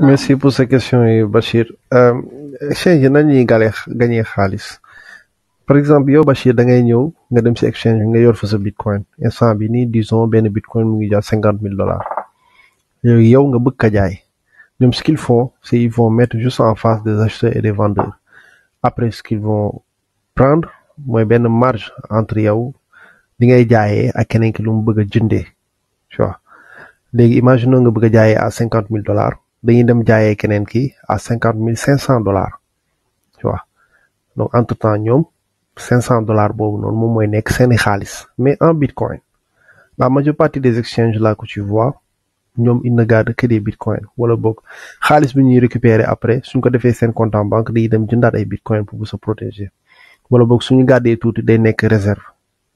Merci pour ces question, Bachir. exchange nan ñuy galee gañee xaalis par exemple yow Bachir da ngay ñëw nga dem si exchange bi nga yor fa sa bitcoin instant bi nii disons benn bitcoin que ngi o cinquante mille dollars yooyu yow nga bëgg ka jaay ñoom ce qu'ils font c'est ils vont mettre juste en face des acheteurs et des vendeurs après ce qu'ils prendre mooy benn marge entre yow li ngay jaayee ak keneen ki lu mu bëgg a tu vois léegi imaginons nga bëgg a jaayee à 50 000 dollars dañuy dem jaayee keneen ki à 50 500 dollars tu vois donc entre temps ñoom cinq dollars boobu noonu moom mais en bitcoin la majeure partie des exchanges là que tu vois ñoom ils ne gardent que des bitcoins. wala boog xaalis bi ñuy récupérer après suñ ko defee un compte en banque dañuy dem jëndaat ay bitcoin pour se protéger wala boog suñu gàddee tuuti day nekk réserve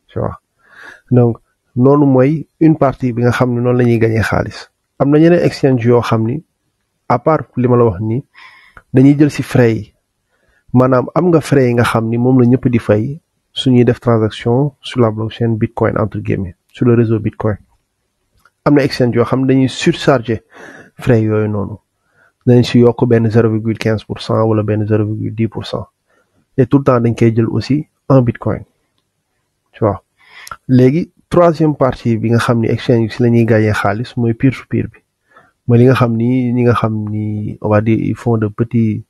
tu vois donc loolu mooy une partie bi nga xam ne noonu la ñuy gañee xaalis am na ñeneen exchange yoo xam ni à part li ma la wax nii dañuy jël si frais yi maanaam am nga frais yi nga xam ni moom la ñëpp di fay suñuy def transaction su la blockchain bitcoin entre guillemets sur le réseau bitcoin am na exchange yoo xam ne dañuy surcharger frais yooyu noonu dañ si yokk benn zero virgule quinze pour cent wala benn zero virgule dix pour cent et tout le temps dañ koy jël aussi un bitcoin tu vois léegi troisième partie bi nga xam ni exchange bi si la ñuy gagné xaalis mooy peer to peer bi mooy li nga xam ni ñi nga xam ni on va dire ils font de petits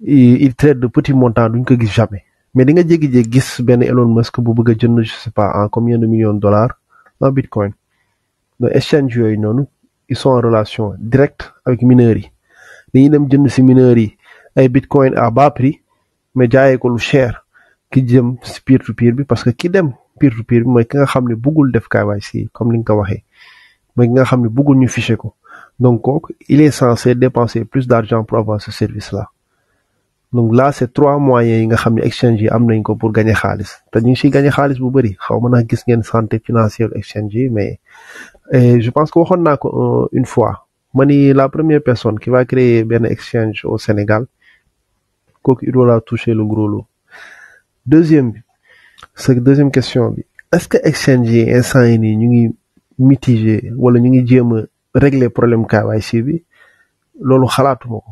ils traitent de petits montants duñ ko gis jamais mais di nga jéggi-jég gis benn Elon Musk bu bëgg a jënd je sais en combien de millions de dollars en bitcoin donc exchange yooyu noonu il sont en relation direct avec mineurs yi dañuy dem jënd si mineurs yi ay bitcoin à bas prix mais jaayee ko lu cher ki jëm si peer bi parce que ki dem peer to peer mooy ki nga xam ne bëggul def KYC comme li nga ko waxee mooy ki nga xam ne ñu fiché ko donc il est censé dépenser plus d'argent pour avoir ce service là donc là c'est trois moyens yi nga xam ne exchange yi am nañ ko pour gagner xaalis te ñu ngi siy gagner xaalis bu bëri xaw ma nag gis ngeen santé financière exchange yi mais je pense que waxoon naa ko euh, une fois ma ni la première personne qui va créer benn exchange au Sénégal kooku il la toucher le gros lu deuxième bi ce deuxième question bi est-ce que exchange yi instant yi nii ñu ngi mitiger wala ñu ngi jéem a régler problème KYC bi loolu xalaatuma ko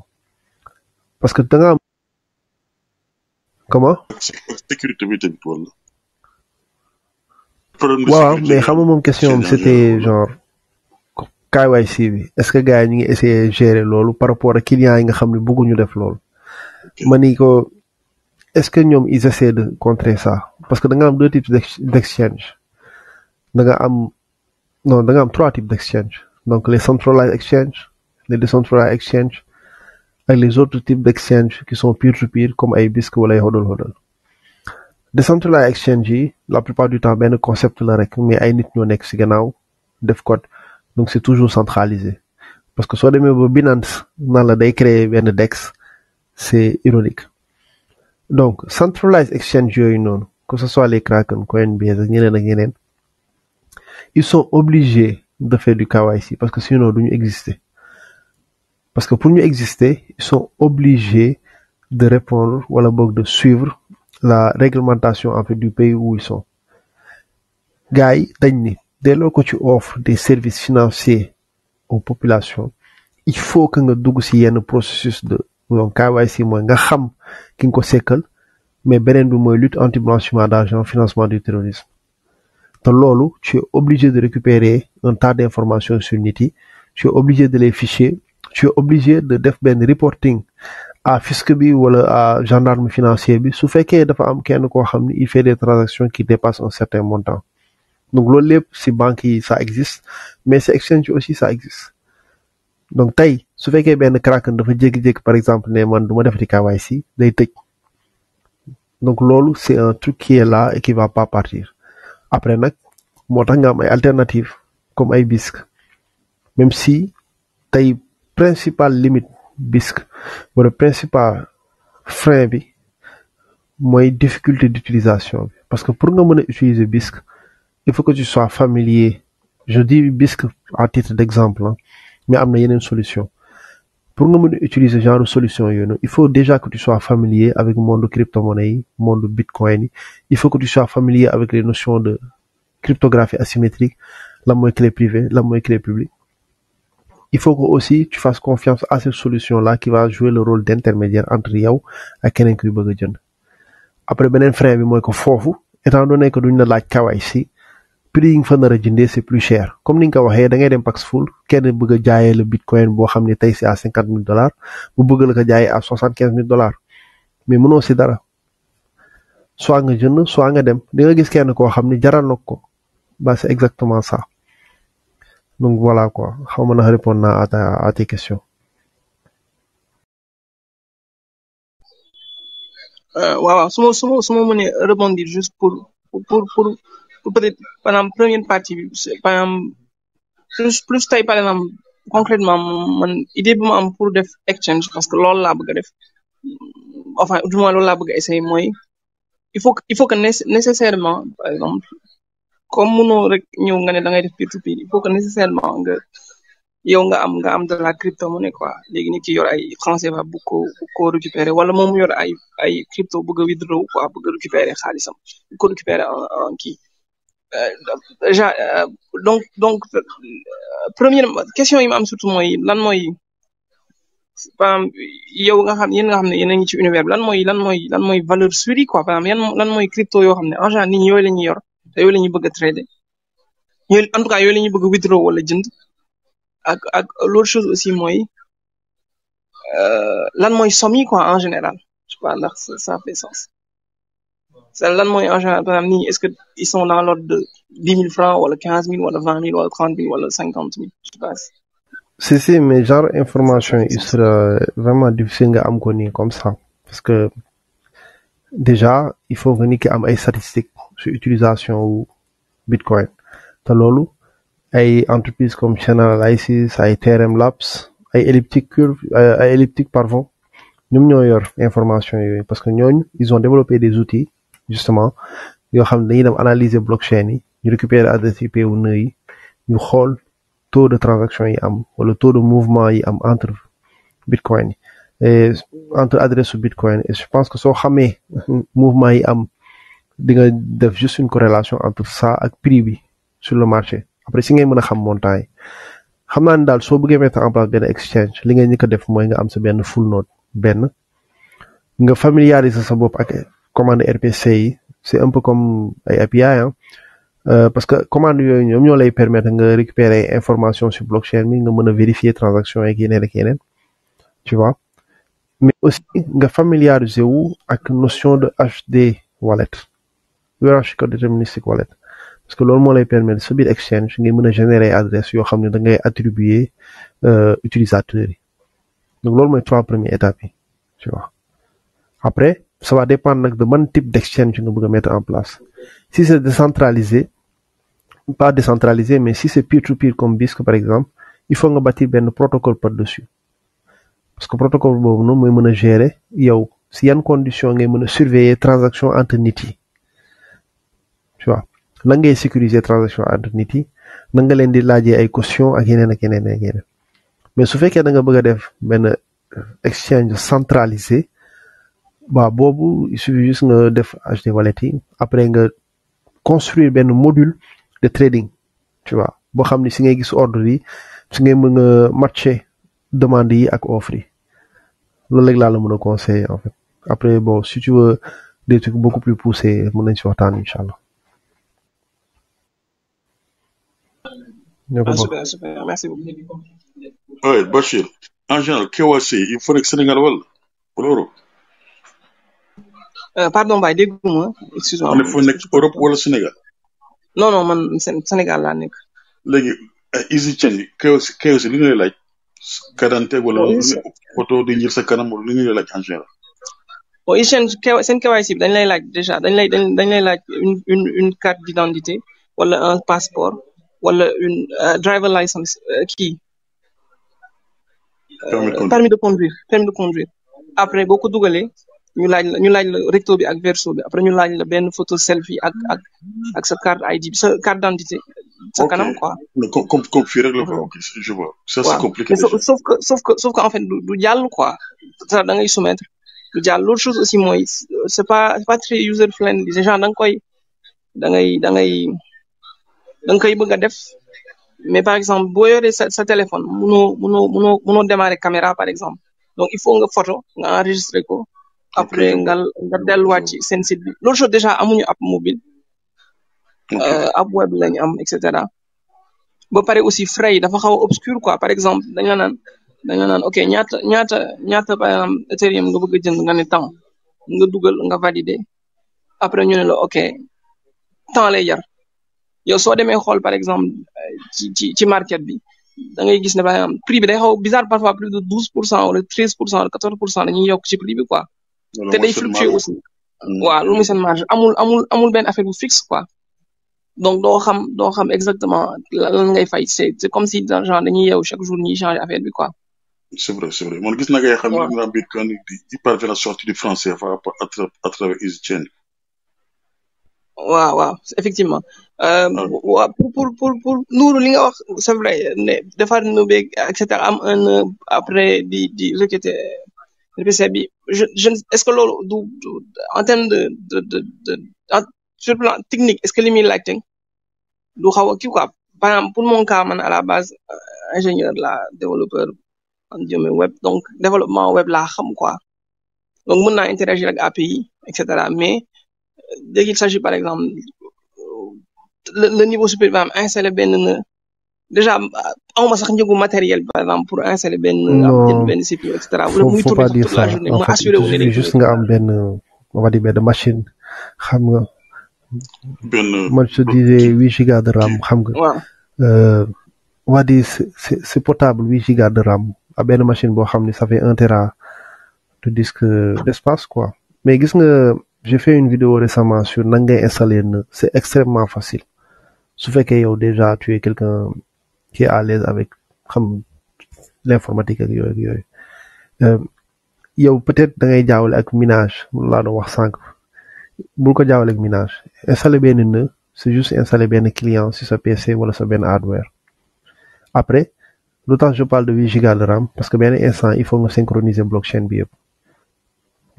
parce que danga nga am comment. sécurité bi tamit wala. problème de sécurité waaw mais xam nga moom question bi est-ce que gars yi ñu ngi essayer gérer loolu par rapport a clients yi nga xam ne bëgguñu def loolu. ma ni ko est-ce que ñoom ils essaient de contrer ça. parce que nous avons deux types d'exchange Nous avons non trois types d'exchange donc les centralized exchange les decentralized exchange et les autres types d'exchange qui sont pire que pire comme ay que wala hodl hodl decentralized exchange la plupart du temps le concept la rek mais ay nit ñoo nek ci donc c'est toujours centralisé parce que soit avez ba Binance naan la day créer ben DEX c'est ironique donc centralized exchange yooyu non que ce soit les Kraken, Coinbase, ils sont obligés de faire du KYC parce que sinon, ils exister. Parce que pour nous exister, ils sont obligés de répondre ou à la de suivre la réglementation en fait du pays où ils sont. Gaï, dès lors que tu offres des services financiers aux populations, il faut que nga un ci processus de donc KYC moins, nga xam ki mais benen bi une lutte anti blanchiment d'argent, financement du terrorisme Donc là, tu es obligé de récupérer un tas d'informations sur Niti, tu es obligé de les ficher tu es obligé de faire un reporting à fisc bi wala à gendarme financier bi su fekkee dafa am kenn ko il fait des transactions qui dépassent un certain montant donc là, les banques banque ça existe mais ces exchanges aussi ça existe donc tu su fekkee ben Kraken dafa jékki-jékki par exemple né man duma l'Afrique di KYC day ici, donc lolo c'est un truc qui est là et qui va pas partir après nak y nga alternative comme un bisque même si une principal limite bisque le principal frein bi moy difficulté d'utilisation parce que pour nga mën utiliser bisque il faut que tu sois familier je dis bisque à titre d'exemple hein, mais y a solution pour nous utiliser ce genre genre solution il faut déjà que tu sois familier avec le monde crypto-monnaie le monde bitcoin il faut que tu sois familier avec les notions de cryptographie asymétrique la monnaie clé privée la monnaie clé publique il faut que aussi tu fasses confiance à cette solution là qui va jouer le rôle d'intermédiaire entre Yao et Kenen kuy Après, a après beneen frein bi mooy ko et étant donné que duñ la ici. prix yi nga fa nar a jëndee c' est plus cher comme ni nga ko waxee da ngay dem Paxful kenn bëgg a jaayee la bitcoin boo xam ne tey c' à cinquante mille dollars bu bëgg la ko jaayee à soixante quinze mille dollars mais mënoo si dara soit nga jënd soit nga dem di nga gis kenn koo xam ne jaral na ko ba c' est exactement ça donc voilà quoi xaw ma na répondre naa à ta à tes questions. Euh, voilà, suma suma suma mënee rebondir juste pour pour pour peut-être par exemple première partie par plus plus tey par concrètement man idée pour def exchange parce que loolu laa bëgg a def enfin du moins loolu laa bëgg a essayer mooy il faut il faut que nécessairement par exemple comme mënoo rek ñëw nga ne da ngay il faut que nécessairement yow nga am nga am de la crypto monnaie quoi léegi nit ki yor ay français ba bu ko bu ko récupérer wala yor ay ay crypto bëgg withdraw quoi bëgg a récupérer xaalisam ko récupérer en Euh, euh, donc donc euh, première question imam surtout mooy lan moy pam yow nga xam yéen nga xamne ne yéen ngi ci univers lan moy lan moy lan moy valeur sûre quoi pam exemple lan moy crypto yo xamne ne en général nit ñi lañuy yor te yooyu la bëgg trader yooyu en tout cas yooyu lañuy ñuy bëgg withdraw wala jënd ak ak l'autre chose aussi moy euh lan moy somme quoi en général je sais ça fait sens c'est l'un de mon argent est-ce qu'ils sont dans l'ordre de 10 000 francs, ou 15 000, ou 20 000, ou 30 000, ou 50 000, je pense. Si, si, mais genre, information, il sera vraiment difficile à me connaître comme ça. Parce que, déjà, il faut venir qu'il des statistiques sur l'utilisation ou Bitcoin. T'as il y a des entreprises comme Channel Analysis, Ethereum Labs, et Elliptic Curve, euh, Elliptic, pardon. Nous, nous avons des informations, parce que nous, ils ont développé des outils justement yoo xam dañuy dem analyser blockchain yi ñu récupérer adresse IP wu nœud yi ñu xool taux de transaction yi am wala taux de mouvement yi am entre bitcoin yi entre adresse bitcoin et je pense que soo xamee mouvement yi am di nga def juste une corrélation entre ça ak prix bi sur le marché après si ngay mën a xam montant yi xam naa ne daal soo bëggee mettre en place benn exchange li nga njëkk def mooy nga am sa benn full note benn nga familiariser sa bopp ak commande RPC c'est un peu comme API hein euh, parce que commande union les ñoo de permettre nga récupérer information sur blockchain mais nga vérifier transaction et yeneen ak tu vois mais aussi nga familiariser avec la notion de HD wallet hierarchical deterministic wallet parce que l'on lui lay de subir exchange ngay mën générer adresse yoo xam ne da ngay attribuer euh, utilisateur donc est trois premières étapes tu vois après ça va dépendre de mon type d'exchange que vous pouvez mettre en place si c'est décentralisé pas décentralisé mais si c'est peer-to-peer comme BISC par exemple il faut nga bâtir un protocole par-dessus parce que le protocole vous noonu mooy mën a gérer yow si une condition ngay surveiller a surveiller transaction entre Niti. tu vois vous ngay sécuriser transaction entre NITI, vous nan nga leen di laajee ay caution mais su fait da nga bëgg euh, exchange centralisé bah bobu il suffit juste nga def HD wallet après nga construire ben module de trading tu vois bo xamni si ngay gis ordre yi si ngay mën a matcher demande yi ak offre yi loolu rek la meuna conseiller en fait après bon si tu veux des trucs beaucoup plus poussés mën nañ si waxtaan incha ah, super, super. Merci beaucoup. Oui, Bachir, en général, KYC, il faudrait que Sénégal, voilà. Euh, pardon je excuse-moi. est pour l'Europe Europe wala Sénégal. non non man Sénégal la nek. Eh, Easy li ngay laaj. wala photo de ñir sa kanam li en général. Oh, déjà une une carte d'identité un passeport wala une euh, driver license qui euh, permis de conduire permis de conduire après beaucoup d'ougalé, ñu laaj la ñu laaj la recto bi ak verso bi après ñu laaj la benn photo selfie ak ak ak sa carte ID bi sa carte d'identité sa kanam quoi. mais comme comme fii rek la mhm. ko je vois. ça c'est compliqué sauf que sauf que sauf que en fait du du jàll quoi ça da ngay soumettre du jàll autre chose aussi mooy c'est pas c'est pas très user friendly ces gens da nga koy da ngay da ngay da nga koy bëgg a def mais par exemple boo yoree sa sa téléphone munoo munoo munoo munoo démarrer caméra par exemple donc il faut nga photo nga enregistrer ko après nga nga delluwaat ci seen site bi l'autre chose déjà amuñu app mobile euh, app web lañu am et cetera ba pare aussi frais yi dafa xaw a obscur quoi par exemple dañ la naan dañ la naan ok ñaata ñaata ñaata par exemple Ethereum nga bëgg a jënd nga ne temps nga dugal nga validé après ñu ne la ok temps lay yar yow soo demee xool par exemple ci ci ci market bi da ngay gis ne par exemple prix bi day xaw bizarre parfois plus de 12% pour cent wala treize pour cent wala quatorze dañuy yokk ci prix bi quoi te day fluctuer aussi mm. waaw loolu mooy seen marge amul amul amul benn affaire bu fixe quoi donc doo xam doo xam exactement lan ngay fay c'est c'est comme si dans genre dañuy yeewu chaque jour ñuy changer affaire bi quoi c'est vrai c'est vrai man gis na ngay xam ne la bitcoin di parvient à sortir du français à travers EasyChain waaw waaw effectivement euh, ah. waaw pour pour pour pour Nourou li nga wax c'est vrai ne defar nu beeg et cetera am un euh, après di di requêter je je je est-ce que du en terme de de de de plan technique est-ce que les muy du quoi par exemple pour mon cas man à la base euh, ingénieur développeur en domaine web donc développement web là, xam quoi donc on a interagi avec API etc. mais euh, dès qu'il s'agit par exemple euh, le, niveau supérieur c'est le benn déjà va va sax njëgu matériel par exemple pour installer un CPU, etc. ne et cetera. wala muy tourner sax toute la juste nga am ben on va machine xam nga. ben moi je disais 8 giga de RAM xam nga. Euh, on dire c'est c'est portable 8 giga de RAM ak ah, ben machine bo xamni ça fait 1 Tera de disque d'espace quoi. mais gis nga j'ai fait une vidéo récemment sur Nangay installer c'est extrêmement facile su fekkee yow déjà tu quelqu'un qui est à l'aise avec comme l'informatique ak yooyu ak il euh, yow peut-être da ngay jaawale ak minage laa doon wax sank bul ko jaawale ak minage installé benn nœud c'est juste installer ben client sur sa PC wala sa bien hardware après d'autant je parle de 8 gigas de RAM parce que ben instant il faut synchroniser blockchain bi l'on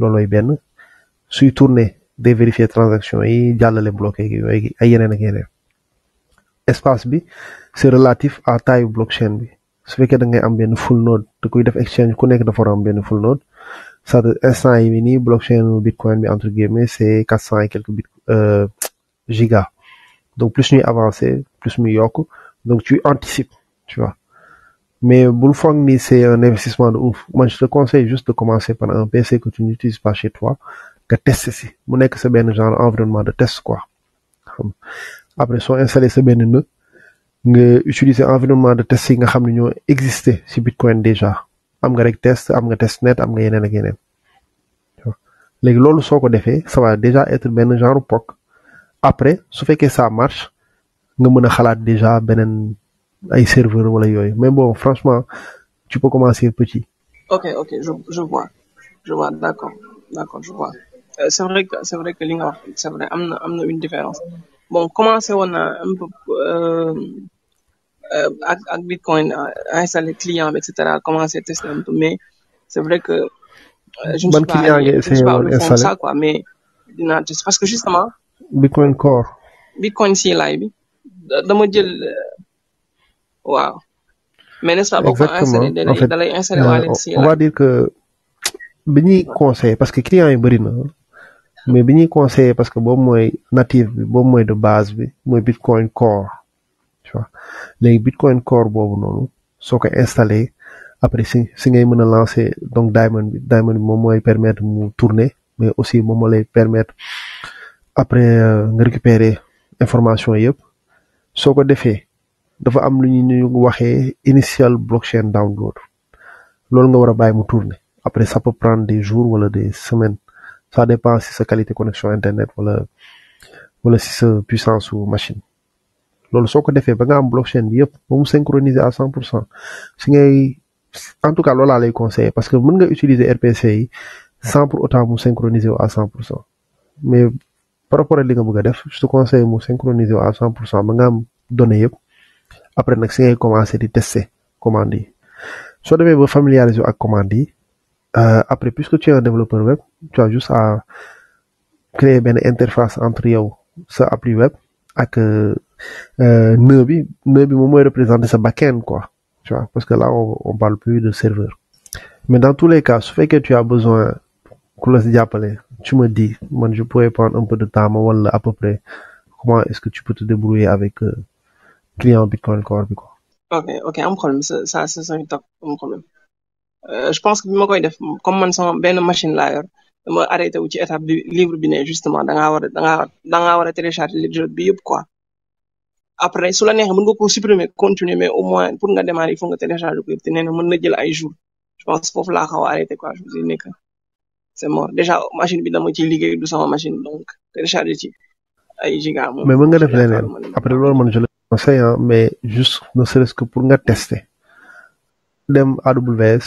loloy bien suy tourner des vérifier transaction et jallale bloqué yooyu ay yeneen ak yeneen espace bi. C'est relatif à taille blockchain bi su fekkee da ngay am benn full node tu kuy def exchange ku dafa full node Ça, de instant yi nii blockchain bitcoin entre guillemets c'est 400 et quelques euh, gigas. giga donc plus ñuy avancé plus muy yokk donc tu anticipes tu vois mais bul le ni c'est un investissement de ouf Moi, je te conseille juste de commencer par un PC que tu n'utilises pas chez toi nga test si mu nekk sa benn genre environnement de test quoi après soo installé bien benn nœud nga utiliser environnement de test yi nga xamni ñoo Bitcoin déjà am nga rek test am nga test net am nga yeneen Les yeneen sont loolu ça va déjà être un genre POC après su que ça marche nga mëna a déjà un ay serveur wala mais bon franchement tu peux commencer petit. ok ok je vois je vois d'accord d'accord je vois euh, c'est vrai que c'est vrai que li c'est vrai amna y une différence bon commencé on a, un peu euh, euh, Bitcoin à euh, installer client etc à tester un peu mais c'est vrai que euh, je ne suis pas, je suis pas le ça quoi mais parce que justement Bitcoin Core Bitcoin CLI dans dama jël waouh, mais n'est-ce pas boo ko installé da euh, on va dire que bi vous parce que client est bëri mais bi ñuy conseillé parce que bon moi native bon moi de base bi mooy bitcoin core tu vois les bitcoin core bon non soo ko après si si ngay mën lancer donc diamond diamond bi moi permettre mu tourner mais aussi moom moi lay permettre après euh, récupérer information yep soo que defee dafa am lu ñu waxee initial blockchain download loolu nga wara bay mu tourner après ça peut prendre des jours wala des semaines ça dépend si sa qualité connexion internet ou wala si sa puissance ou machine loolu soko ko ba nga am blockchain bi blockchain ba synchroniser à 100% si ngay en tout cas la lay conseiller parce que mën nga utiliser RPC yi sans pour autant mu synchroniser à 100% mais par rapport à li nga bëgg def je te conseille mu synchroniser à 100% ba nga am données après nak si ngay commencer di tester commande yi So demee ba familiariser wu ak commande yi après, puisque tu es un développeur web, tu as juste à créer une interface entre toi ce appli web avec euh, nœud bi nœud bi représente représenter sa backend quoi tu vois parce que là on, ne parle plus de serveur mais dans tous les cas ce fait que tu as besoin tu me dis je pourrais prendre un peu de temps à peu près comment est-ce que tu peux te débrouiller avec le client Bitcoin Core quoi ok ok un problème ça ça c'est un problème euh, je pense que bi ma koy def comme man sama benn machine laa yor dama arrêté wu ci étape bi livre bi ne justement dangaa war a da dangaa war a télécharger livre bi yëpp quoi après su la neexee mën nga ko supprimer continuer mais au moins pour nga démarrer il faut nga télécharger ko yëpp te nee na mën na jël ay jours je pense foofu laa xaw a arrêté quoi je vous dis nekk c'est mort déjà machine bi dama ciy liggéey du sama machine donc télécharger ci ay giga moom mais mën nga def leneen après loolu man je le conseille hein, mais juste ne serait-ce que pour nga tester dem AWS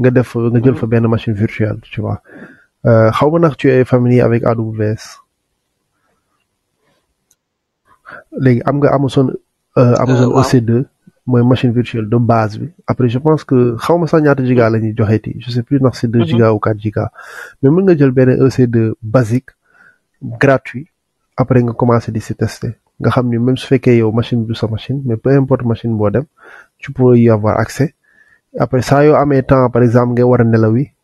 nga def nga jël fa benn machine virtuelle tu vois euh, xaw ma tu es familier avec AWS léegi am nga Amazon euh, euh, Amazon EC2 mooy machine virtuelle de base bi après je pense que xaw ma sax ñaata giga la ñuy je sais plus ndax c'est deux mhm. giga ou quatre giga mais mën nga jël benn EC2 basique gratuit après nga commencé di si tester nga xam ni même su fekkee yow machine bi du sa machine mais peu importe machine boo dem tu pourras y avoir accès après ça, yo, mes temps par exemple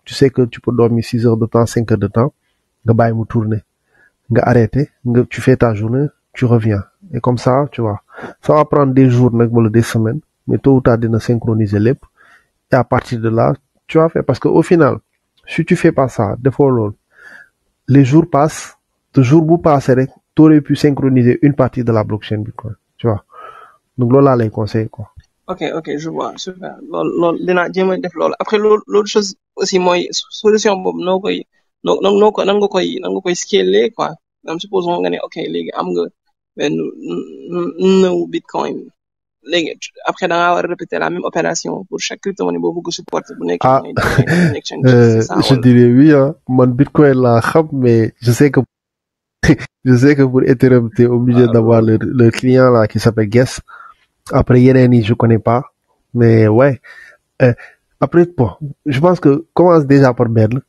tu sais que tu peux dormir 6 heures de temps 5 heures de temps nga peux mu tourner arrêter tu fais ta journée tu reviens et comme ça tu vois ça va prendre des jours des semaines mais tôt ou tard synchroniser lep et à partir de là tu vas faire parce que au final si tu fais pas ça de fois les jours passent toujours jour bu passé tu pu synchroniser une partie de la blockchain bitcoin tu vois donc là, là, les conseils quoi ok ok je vois super après l'autre chose aussi moi, solution boobu non non non scaler quoi supposons gagner ok am nga nous bitcoin après on va répéter la même opération pour chaque crypto boo bëgg supporter supporte ah, euh, je dirais oui hein. bitcoin mais je sais que je sais que pour Ethereum ah, d'avoir le client là qui s'appelle Guess après Yereni, je connais pas. Mais ouais. Euh, après, bon, je pense que commence déjà par Berle.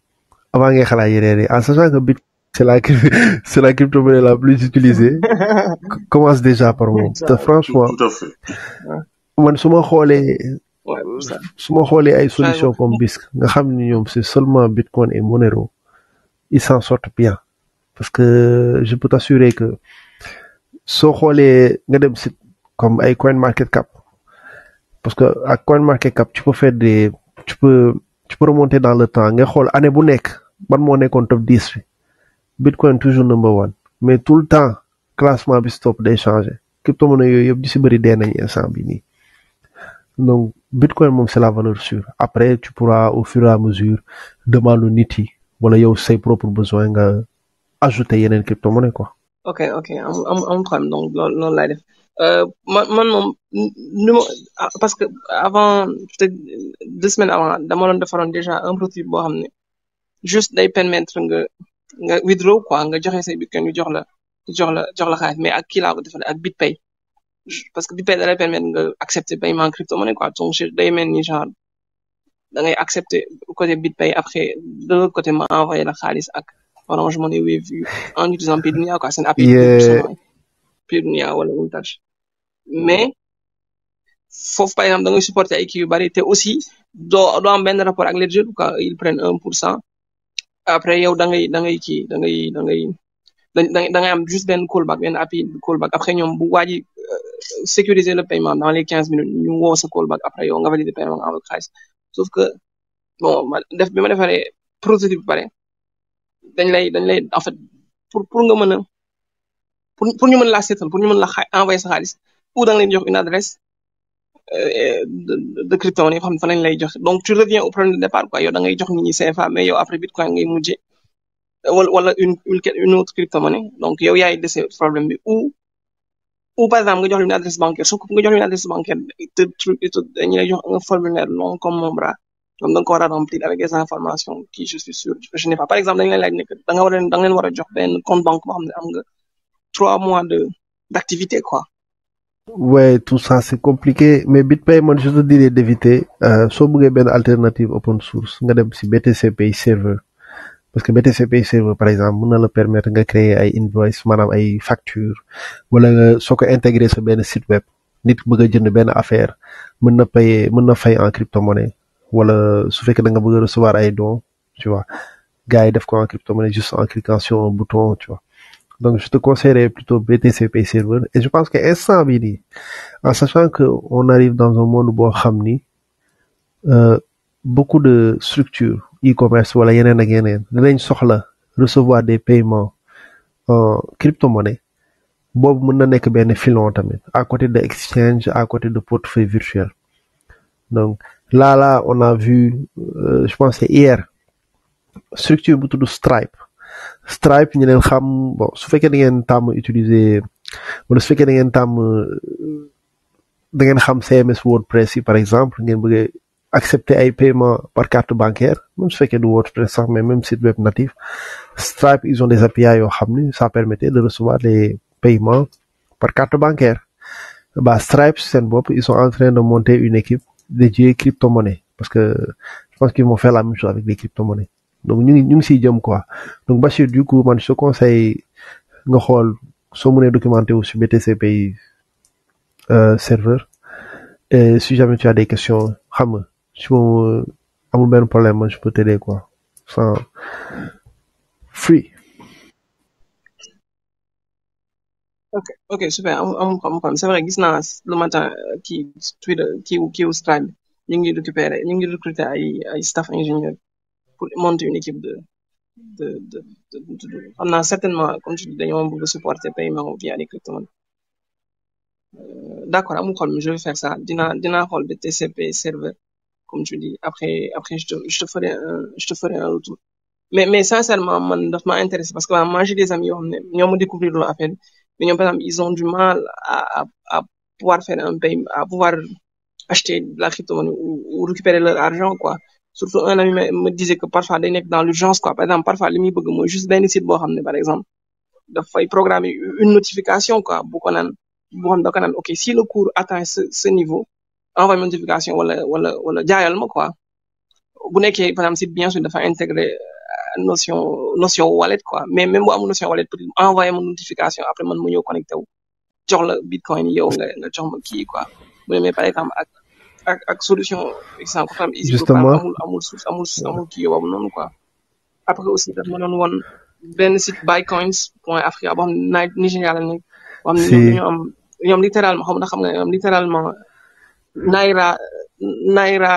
Avant Yekhala Yereni. En sachant que Bitcoin, c'est la, c'est la crypto-monnaie la plus utilisée. commence déjà par moi. Franchement. Tout à fait. Moi, je me su ma solution comme BISC nga c'est seulement Bitcoin et Monero ils s'en sortent bien parce que je peux t'assurer que soo xoolee nga dem comme market cap, Parce que à cap tu peux faire des, tu peux, tu peux remonter dans le temps. Nga xol année bu nek mo top 10 Bitcoin toujours number 1. Mais tout le temps, classement bi stop day changer. Crypto monnaie yoy yeb di ci Donc Bitcoin c'est la valeur sûre. Après tu pourras au fur et à mesure demander Voilà, niti wala yow ses propres besoins nga ajouter yenen crypto monnaie quoi ok ok am am am problème donc loolu loolu laay def euh, man man moom nu ma ah, parce que avant peut-être deux semaines avant dama doon defaroon déjà un produit boo xam ne juste day permettre nga nga withdraw quoi nga joxe say bitcoin yu jox la jox la jox la xaalis mais ak kii laa ko defalee ak BitPay parce que BitPay da lay permettre nga accepter paiement crypto-monnaie quoi donc day mel ni genre da ngay accepter côté BitPay après de l'autre côté ma envoyé la xaalis ak arrangement de revue, en utilisant Pedunia, quoi, c'est un appel yeah. Pedunia, voilà, une tâche. Mais, faut, par exemple, dans les supporters qui étaient aussi, dans, dans un rapport avec les jeunes, quoi, ils prennent 1%. Après, yow, dans les, dans les, dans les, dans les, da ngay am juste benn callback benn api callback après ñoom bu waaji euh, sécuriser le paiement dans les 15 minutes ñu woo sa callback après yow nga valider paiement nga am xaalis sauf que bon def bima ma defaree bi pare dañ lay dañ lay en fait pour pour nga mëna pour pour ñu mëna la sétal pour ñu mëna la envoyer sa xaalis ou da nga leen jox une adresse euh, de de crypto-monnaie xam ne fa lañ lay jox donc tu reviens au problème de départ quoi yow da ngay jox nit ñi CFA mais yow après bitcoin ngay mujjé wala une une autre crypto-monnaie donc yow yaay des problème bi ou ou par exemple nga jox une adresse bancaire soo nga jox une adresse bancaire te dañu lay jox un formulaire non comme mon bras donc, da nga remplir avec des informations qui je suis sûr je n'ai pas par exemple dans leen laaj ne da nga war a da compte banque trois mois de d'activité quoi. ouais tout ça c'est compliqué mais BitPay moi, je te dirais d'éviter euh, soo bëggee une alternative open source nga dem si BTC Server parce que BTC Server par exemple vous na permettre nga créer ay invoice maanaam ay facture wala nga soo intégré sa site web nit bëgg a jënd benn affaire Vous na payer mën na fay en crypto monnaie wala su fekkee da nga bëgg recevoir ay dons tu vois gars yi def ko en crypto-monnaie juste en cliquant sur un bouton tu vois donc je te conseillerais plutôt BTC Pay Server et je pense que instant bii nii en sachant que on arrive dans un monde boo xam ni euh, beaucoup de structures e-commerce wala yeneen ak yeneen dinañ soxla recevoir des paiements en crypto-monnaie boobu mën na nekk benn filon tamit à côté de exchange à côté de portefeuille virtuel donc Là, là, on a vu, euh, je pense c'est hier, structure de Stripe. Stripe. Stripe ñu leen ham, bon su fekkee da ngeen tam utiliser ou su fekkee da ngeen tam, ham CMS WordPress par exemple vous bëggee accepté ay paiements par carte bancaire même su que du WordPress mais même site web natif Stripe ils ont des API yoo ont, ça permettait de recevoir les paiements par carte bancaire bah Stripe un ils sont en train de monter une équipe dédié crypto-monnaie parce que je pense qu'ils vont faire la même chose avec les crypto-monnaies. Donc nous nous ñu quoi donc Bachir du coup moi je conseille nga son monnaie documentée documenté sur BTC pays euh, serveur et si jamais tu as des questions xam si moom avez un problème je peux t'aider quoi sans free. ok ok super am amul xam-xam c'est vrai gis naa lu matin euh, qui Twitter kii wu- kii ñu ngi récupérer ñu ngi recruter ay ay staff ingénieur pour monter une équipe de de de de de de xam naa certainement comme tu dis dañoo bëgg supporter paiement via les crypto-monnaies Euh, d'accord amul xam je vais faire ça dinaa dinaa xool de TCP serveur comme tu dis après après je te je te ferai un je te ferai un retour mais mais sincèrement man daf ma intéressé parce que man moi j'ai des amis yoo xam ne ñoo ma découvrir loo affaire par exemple, ils ont du mal à, à, à pouvoir faire un paiement, à pouvoir acheter de la crypto-monnaie ou, récupérer leur argent, quoi. Surtout, un ami me disait que parfois, des nekk dans l'urgence, quoi. Par exemple, parfois, les muy bëgg moi juste ben, site de xam ramener, par exemple, faut programmer une notification, quoi, Pour ko naan, OK, si le cours atteint ce, ce niveau, envoie une notification wala wala wala jaayal ma, quoi. Bu par exemple, site bien sûr faire intégrer notion notion wallet quoi mais même moi mon notion wallet envoyer notification après mon connecté bitcoin yo le le quoi Mais par exemple avec solution exemple pas amul amul quoi après aussi point littéralement littéralement naira naira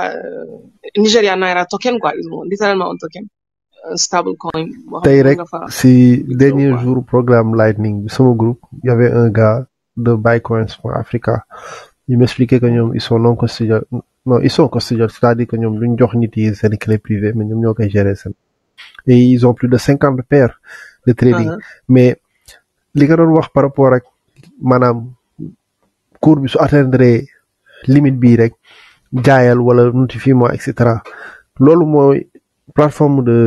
Nigeria naira token quoi ils ont littéralement un token stablecoin. tey rek si dernier jour programme lightning bi sama groupe y avait un gars de Bycoins pour Africa il m'expliquait qu'ils sont non custodial non ils sont conseillers. c'est-à-dire qu'ils ont une jox nit yi privée mais ñoom ñoo pas gérer ça. et ils ont plus de 50 paires de trading uh-huh. mais les gars, doon wax par rapport à madame courbe, bi su limite bi rek ou wala notifie etc. etc plateforme de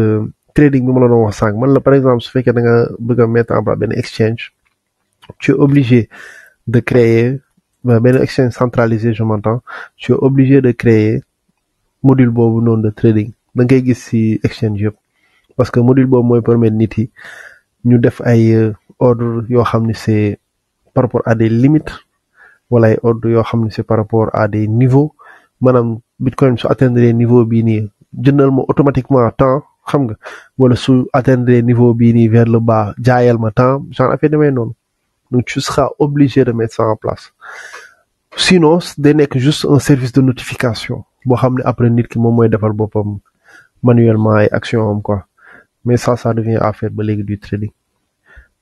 trading bi ma la doon par exemple si fekkee da nga bëgg a mettre en place exchange tu es obligé de créer ben, benn exchange centralisé je m'entends tu es obligé de créer module boobu noonu de trading da ngay gis si exchange parce que module boobu mooy permettre nit yi ñu def ay euh, ordre yoo par rapport à des limites wala ay ordre yoo par rapport à des niveaux maanaam bitcoin su atteindre niveaux bii nii jëndal ma automatiquement temps xam nga wala su atteindre niveau bi ni vers le bas jaayal ma temps genre affaire demee non donc tu seras obligé de mettre ça en place sinon n'est que juste un service de notification bo xamné après nit ki mom moy defal bopam manuellement et action quoi mais ça ça devient affaire ba du trading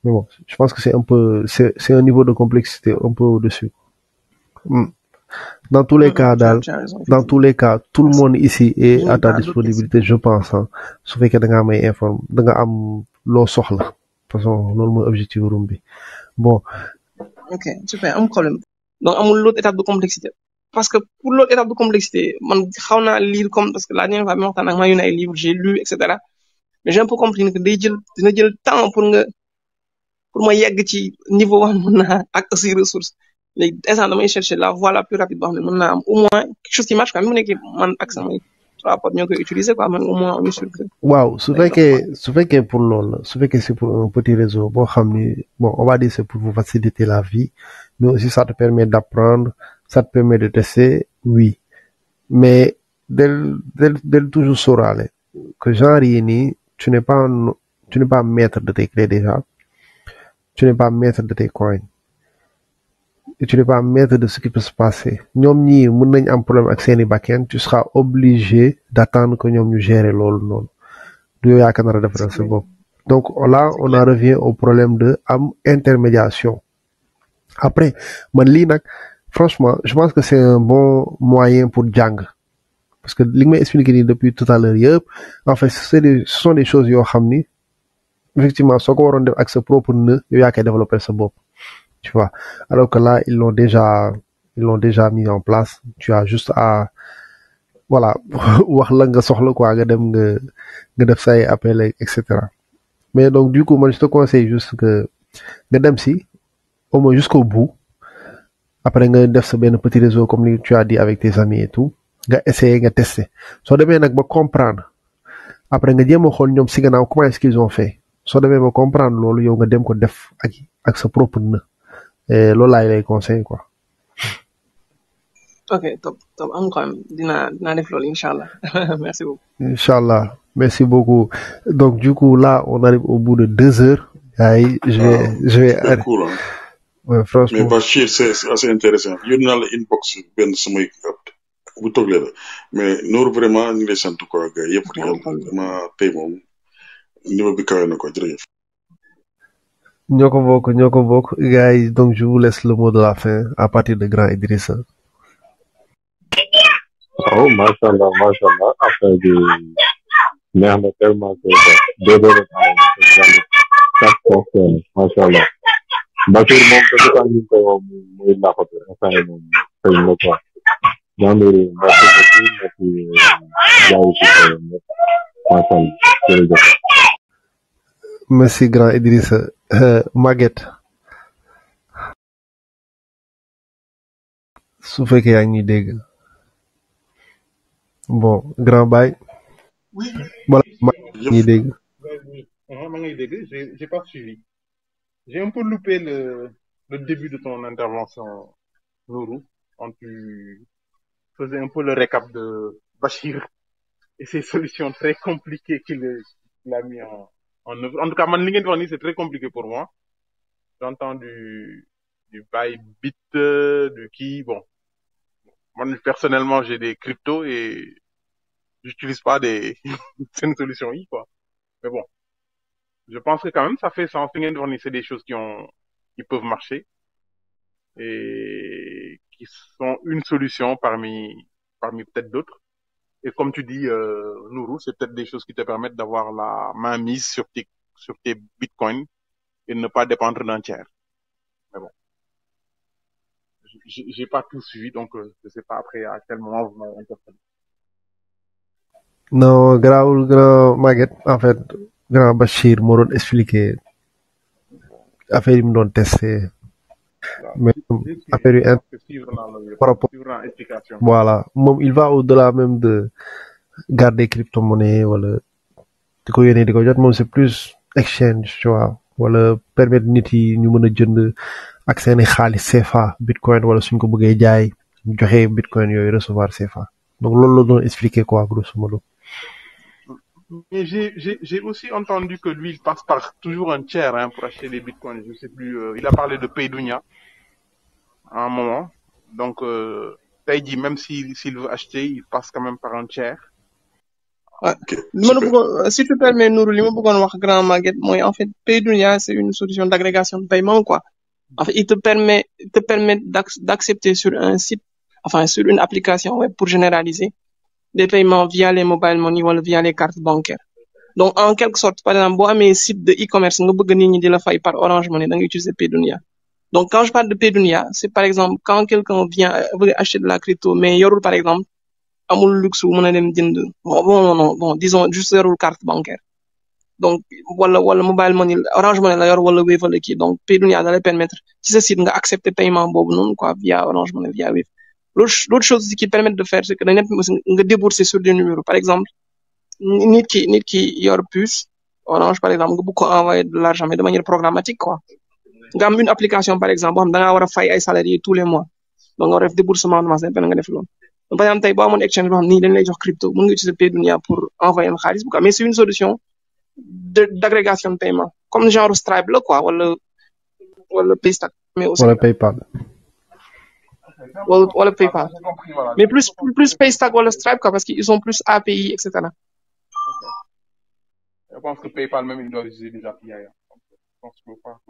mais bon je pense que c'est un peu c'est c'est un niveau de complexité un peu au-dessus. Hmm. Dans tous les cas dans tous les cas tout le monde ici est à ta disponibilité je pense Sauf que tu nga am tu informe da nga am De soxla façon c'est mon objectif room bi bon. ok super un problème donc amul l'autre étape de complexité parce que pour l'autre étape de complexité je xaw lire comme parce que la dernière fois bi ma waxtaan livres j'ai lu etc. mais j'ai un peu compris que tu jël le temps pour que pour ma yegg ci niveau 1 mun naa ak aussi ressources les gens de chercher la voie la plus rapide pour nous. au moins quelque chose qui marche quand même mu pas man ak trois utiliser quoi au moins on est sûr que. c'est su pour c'est vrai c'est pour un petit réseau bon on va dire c'est pour vous faciliter la vie mais aussi ça te permet d'apprendre ça te permet de tester oui mais del del toujours suralé que j'en yii tu n'es pas tu n'es pas maître de tes clés déjà tu n'es pas maître de tes coins et tu n'es pas maître de ce qui peut se passer ñoom ñii mën nañ am problème ak seeni bakken tu seras obligé d'attendre que nous, ñu gérer loolu du yaaka donc là on en revient au problème de am intermédiation après man li n'ak. franchement je pense que c'est un bon moyen pour Jang. parce que li nga may depuis tout à l'heure en fait c'est des ce sont des choses yo xam ni effectivement soo def ak sa propre nœud yow yaa développer ce bob tu vois. Alors que là, ils l'ont déjà, ils l'ont déjà mis en place. Tu as juste à, voilà, voir la sur le quoi, nga dem nga, nga def appel, etc. Mais donc, du coup, moi, je te conseille juste que, nga si, au moins jusqu'au bout. Après, nga def faire ben petit réseau, comme tu as dit, avec tes amis et tout. Nga essayer, nga tester. de demee nag ba comprendre. Après, nga jéem a comment est-ce qu'ils ont fait. Soo demee ba comprendre l'eau, yow nga dem ko def ak sa propre et eh, Lola, lay conseil quoi. ok top top Encore, Dina, dinaa dinaa def merci beaucoup. Inch'Allah. merci beaucoup donc du coup là on arrive au bout de deux heures. je vais ah, je vais. cool hein. ouais, franchement mais c'est assez intéressant y a une inbox benn samay Vous togle mais nous vraiment ñu les lay quoi gars a vraiment tey Nous niveau bi kawe na ko dire. ñoo ko bokk ñoo bokk gars donc je vous le mot de la fin à partir de grand Idrissa. waaw oh, macha allah macha allah affaire bi tellement que déggoo na taal chaque fois macha allah Bachir moom te dugal ñu koy woo muy laqatu instant yii moom xëy na Merci grand Idriss. Euh, Maguette Sauf que yaa une bon grand oui. voilà ni ah, ngi dégg Je j'ai pas suivi j'ai un peu loupé le le début de ton intervention Nourou quand tu faisais un peu le récap de Bachir et ses solutions très compliquées qu'il qu'il a mis en en En tout cas, man, li de c'est très compliqué pour moi. J'entends du, du bit euh, de qui, bon. Moi, personnellement, j'ai des cryptos et j'utilise pas des, c'est une solution I, quoi. Mais bon. Je pense que quand même, ça fait sens. en de' c'est des choses qui ont, qui peuvent marcher et qui sont une solution parmi, parmi peut-être d'autres. Et comme tu dis, euh, Nourou, c'est peut-être des choses qui te permettent d'avoir la main mise sur tes, sur tes bitcoins et ne pas dépendre d'un tiers. Mais bon. J'ai pas tout suivi, donc euh, je sais pas après à quel moment vous m'avez interpellé. Non, Graoul, Maguette, en fait, grand Bachir m'a expliqué affaire ils mu doon mais affaire yu par rapport voilà mom, il va au-delà même de garder crypto-monnaie wala di ko yónnee di jot moom c'est plus exchange tu vois wala permettre nit yi ñu mën a jënd ak seeni xaalis CFA bitcoin wala suñ ko bëggee jaay joxe bitcoin yooyu recevoir CFA donc loolu la doon expliquer quoi grosso modo mais j'ai aussi entendu que lui, il passe par toujours un tiers hein, pour acheter des bitcoins. Je sais plus. Euh, il a parlé de Paydunia à un moment. Donc, euh, dit même s'il veut acheter, il passe quand même par un tiers. Ah, euh, si tu permets, nous, le grand Maguette, en fait, Paydunia, c'est une solution d'agrégation de paiement, quoi. En il te permet, te permet d'accepter sur un site, enfin, sur une application web pour généraliser des paiements via les mobile money ou via les cartes bancaires donc en quelque sorte par exemple boo amee site de e-commerce nga bëgg nit ñi la faille par Orange Money donc utiliser Paydunia donc quand je parle de Paydunia c'est par exemple quand quelqu'un vient euh, veut acheter de la crypto mais yorul par exemple amul luxe ou mën a dem jënd bon non non bon disons juste yorul carte bancaire donc wala wala mobile money Orange Money la yor wala Wave la qui donc Paydunia da permettre si ce site nga accepter paiement boobu non quoi via Orange Money via Wave L'autre chose qui permet de faire, c'est que dañ nga débourser sur des numéros. Par exemple, nit ki nit ki yor puce Orange par exemple nga envoyer de l'argent mais de manière programmatique quoi. Nga une application par exemple on xam da un tous les mois donc nga war un def déboursement de masse benn nga def Donc par exemple tey un exchange ni xam jox crypto mën nga utiliser Paydunia pour envoyer un charisme. mais c'est une solution d'agrégation de paiement comme genre Stripe ou quoi wala Paystack. mais PayPal. Wallet paye PayPal mais plus plus ou Stripe parce qu'ils ont plus API etc. je pense que PayPal même ils doivent utiliser des API hein. je pense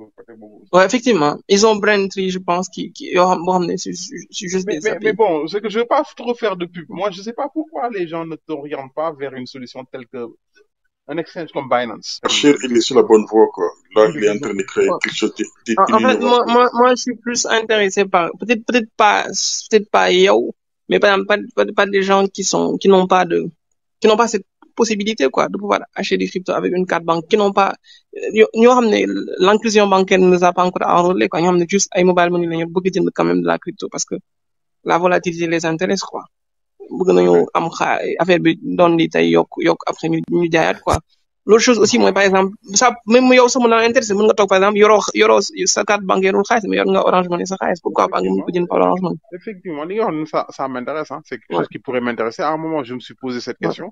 que effectivement ils ont Braintree je pense qui qui yoo ce mais bon c'est que je veux pas trop faire de pub moi je sais pas pourquoi les gens ne t'orientent pas vers une solution telle que un exchange comme Binance. Ah, il est sur la bonne voie, quoi. Là, il est en train de créer quelque chose de, En, fait, moi, je suis plus intéressé par, peut-être, peut-être pas, peut-être pas Yo, mais pas, pas, pas, des gens qui sont, qui n'ont pas de, qui n'ont pas cette possibilité, quoi, de pouvoir acheter des cryptos avec une carte banque, qui n'ont pas, nous euh, ramené, l'inclusion bancaire ne nous a pas encore enrôlés, quoi. Nous ramené juste iMobile Money, nous beaucoup de quand même de la crypto parce que la volatilité les intéresse, quoi bëgg nañu am affaire bi doon li tay yokk yokk après ñu ñu jaayaat quoi l'autre chose aussi moi par exemple ça même moi je mën naa intéressé mën par exemple yoroo yoroo sa carte bancaire yorul xaalis mais yor nga Orange Money sa xaalis pourquoi pas Orange Money effectivement li ça ça m'intéresse hein. c'est quelque chose qui pourrait m'intéresser à un moment je me suis posé cette question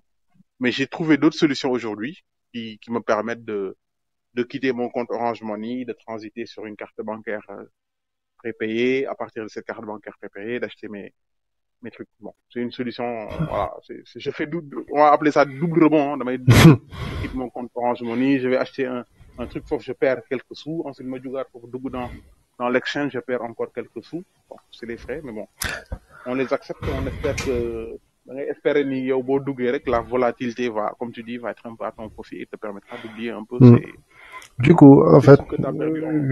mais j'ai trouvé d'autres solutions aujourd'hui qui qui me permettent de de quitter mon compte Orange Money de transiter sur une carte bancaire euh, prépayée à partir de cette carte bancaire prépayée d'acheter mes mes trucs. Bon, c'est une solution. Euh, voilà, c'est, je fais double, on va appeler ça double rebond. Hein, damay quitte mon compte Orange Money, je vais acheter un, un truc que je perds quelques sous ensuite ma jugaat pour dugg dans dans l'exchange je perds encore quelques sous bon c'est les frais mais bon on les accepte on espère que on espérer ni bout boo duggee que la volatilité va comme tu dis va être un peu à ton profit et te permettra d'oublier un peu. Mmh. Ces, du coup en fait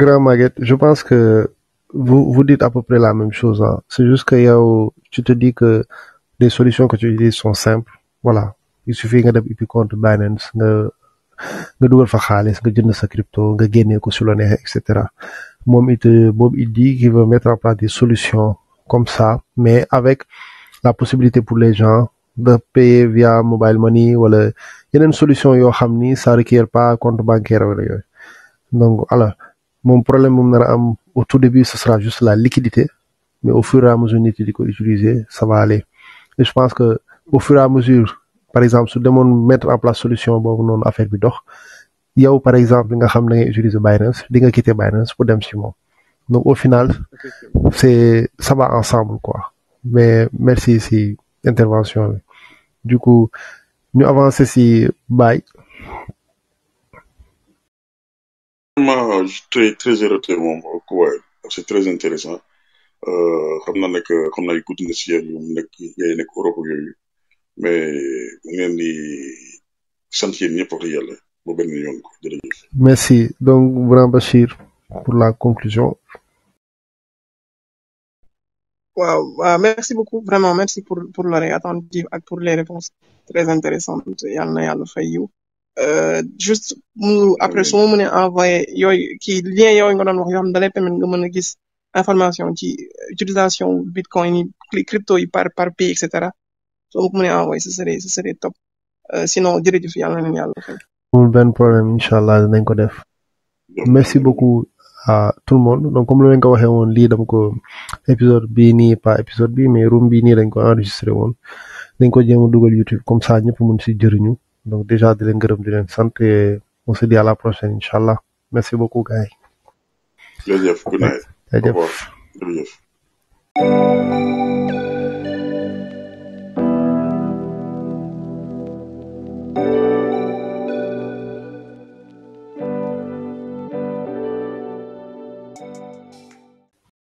grand Maguette je pense que vous, dites à peu près la même chose. Hein. C'est juste que tu te dis que les solutions que tu utilises sont simples. Voilà. Il suffit nga dem un compte Binance, nga nga de fa que nga jënd sa crypto, nga génne ko et cetera. Binance, it Bob, il dit qu'il veut mettre en place des solutions comme ça, mais avec la possibilité pour les gens de payer via mobile money Il y a une solution qui ça requiert pas compte bancaire donc alors Mon problème c'est que au tout début, ce sera juste la liquidité, mais au fur et à mesure, que tu ça va aller. Et je pense que au fur et à mesure, par exemple, si demoon mettre en place solution pour non affaire il y a par exemple nga xam ne utiliser Binance, di nga quitter Binance pour dem ci Donc au final, c'est ça va ensemble quoi. Mais merci si intervention Du coup, nous avançons si bye. vraiment très très heureux de vous Kubaay c' c'est très intéressant euh, xam naa nekk xam naa gudd na si yéen ñoom nekk ngay Europe mais on est di sant yéen ñëpp wax yàlla ba ko merci donc Bouna Bachir pour la conclusion. waaw merci beaucoup vraiment merci pour pour la et pour les réponses très intéressantes Yalla, yalla, yàlla fay euh, juste mu après su ma mënee envoyé yoy qui lien yoy nga doon wax yoo xam ne da lay nga mën gis information ci utilisation bitcoin yi crypto yi par par pays et cetera soo ma ko mënee envoyé ce serait ce serait top euh, sinon jërëjëf yàlla na yalla yàlla fay. amul problème inshallah dañ ko def. merci beaucoup à tout le monde donc comme lu leen ko waxee won li dama ko épisode bi ni pas épisode bi mais room bi ni dañ ko enregistrer won dañ ko jéem a dugal YouTube comme ça ñëpp mun ci jëriñu. Donc déjà, de de et on se dit à la prochaine, Inch'Allah. Merci beaucoup, Gaï. Joseph, good night.